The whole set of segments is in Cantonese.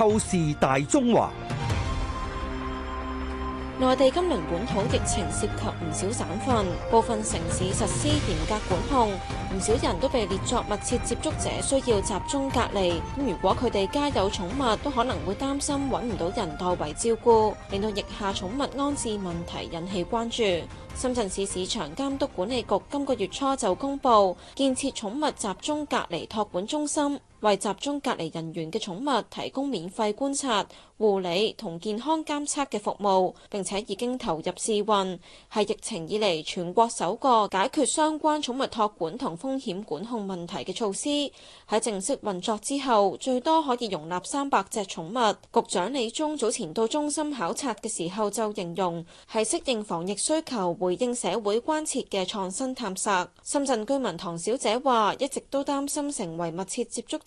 透視大中華，內地今輪本土疫情涉及唔少省份，部分城市實施嚴格管控，唔少人都被列作密切接觸者，需要集中隔離。咁如果佢哋家有寵物，都可能會擔心搵唔到人代為照顧，令到疫下寵物安置問題引起關注。深圳市市場監督管理局今個月初就公布建設寵物集中隔離託管中心。為集中隔離人員嘅寵物提供免費觀察、護理同健康監測嘅服務，並且已經投入試運，係疫情以嚟全國首個解決相關寵物託管同風險管控問題嘅措施。喺正式運作之後，最多可以容納三百隻寵物。局長李忠早前到中心考察嘅時候就形容係適應防疫需求、回應社會關切嘅創新探索。深圳居民唐小姐話：一直都擔心成為密切接觸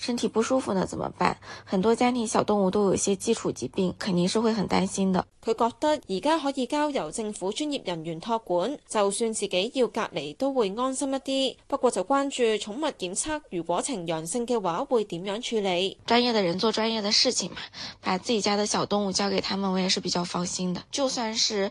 身體不舒服呢，怎麼辦？很多家庭小動物都有一些基礎疾病，肯定是會很擔心的。佢覺得而家可以交由政府專業人員託管，就算自己要隔離都會安心一啲。不過就關注寵物檢測，如果呈陽性嘅話會點樣處理？專業的人做專業的事情嘛，把自己家的小動物交給他們，我也是比較放心的。就算是。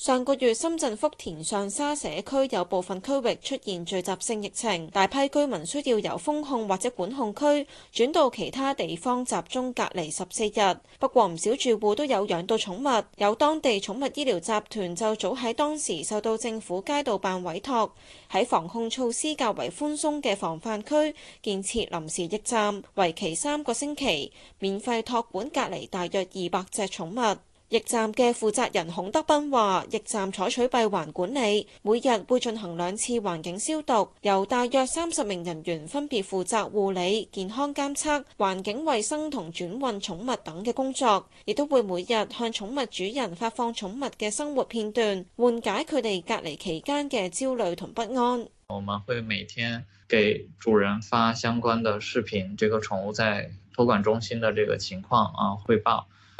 上個月，深圳福田上沙社區有部分區域出現聚集性疫情，大批居民需要由封控或者管控區轉到其他地方集中隔離十四日。不過，唔少住戶都有養到寵物，有當地寵物醫療集團就早喺當時受到政府街道辦委託，喺防控措施較為寬鬆嘅防範區建設臨時驛站，為期三個星期，免費托管隔離大約二百隻寵物。驛站嘅負責人孔德斌話，驛站採取閉環管理，每日會進行兩次環境消毒，由大約三十名人員分別負責護理、健康監測、環境衛生同轉運寵物等嘅工作，亦都會每日向寵物主人發放寵物嘅生活片段，緩解佢哋隔離期間嘅焦慮同不安。我們會每天給主人發相關的視頻，這個寵物在托管中心的這個情況啊匯報。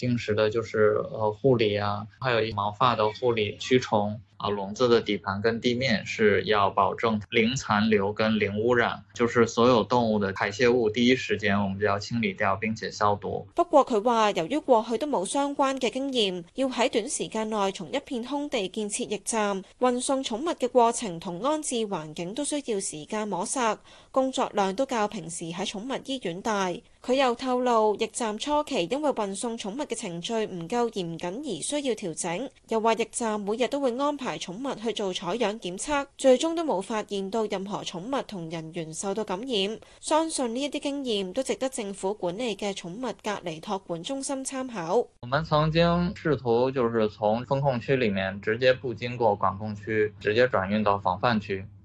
定時的就是呃護理啊，還有一毛髮的護理、驅蟲啊。籠子的底盤跟地面是要保證零殘留跟零污染，就是所有動物的排泄物第一時間我們就要清理掉，並且消毒。不過，佢話由於過去都冇相關嘅經驗，要喺短時間內從一片空地建設驛站、運送寵物嘅過程同安置環境都需要時間磨合，工作量都較平時喺寵物醫院大。佢又透露，驛站初期因為運送寵物嘅程序唔夠嚴謹而需要調整，又話驛站每日都會安排寵物去做採樣檢測，最終都冇發現到任何寵物同人員受到感染。相信呢一啲經驗都值得政府管理嘅寵物隔離託管中心參考。我們曾經試圖，就是從封控區裏面直接不經過管控區，直接轉運到防範區。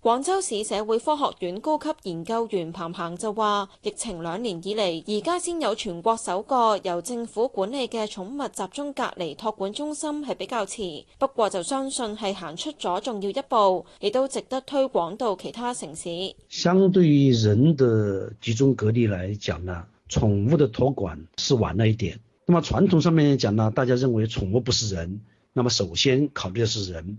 廣州市社會科學院高級研究員彭彭就話，疫情兩年以嚟，而家先有全國首個由政府管理嘅寵物集中隔離託管中心，係比較遲。不過就相信係行出咗重要一步，亦都值得推廣到其他城市。相對於人的集中隔離來講呢，寵物的託管是晚了一點。那麼傳統上面講呢，大家認為寵物不是人，那麼首先考慮嘅是人。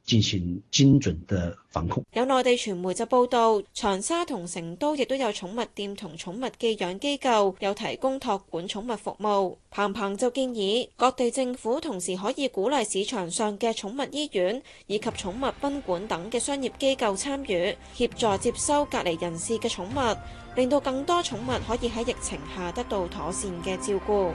進行精準的防控。有內地傳媒就報道，長沙同成都亦都有寵物店同寵物寄養機構有提供託管寵物服務。彭彭就建議，各地政府同時可以鼓勵市場上嘅寵物醫院以及寵物賓館等嘅商業機構參與，協助接收隔離人士嘅寵物，令到更多寵物可以喺疫情下得到妥善嘅照顧。